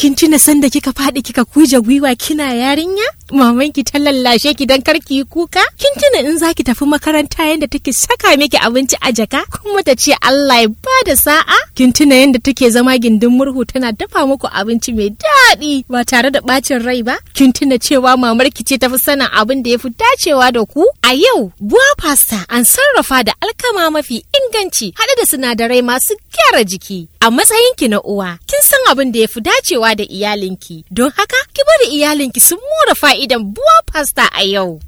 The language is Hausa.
kin tuna sanda kika faɗi kika kuje gwiwa kina yarinya mamanki ta lallashe ki dan karki kuka kin tuna in zaki tafi makaranta yanda take saka miki abinci a jaka kuma ta ce Allah ya bada sa'a kin tuna yanda take zama gindin murhu tana dafa muku abinci mai da daɗi ba tare da ɓacin rai ba kin tuna cewa mamarki ce tafi sanin abin da ya fi dacewa da ku a yau buwa pasta an sarrafa da alkama mafi inganci haɗe da sinadarai masu gyara jiki a matsayinki na uwa kin san abin da ya fi dacewa da iyalinki don haka ki bari iyalinki sun mora fa'idan buwa pasta a yau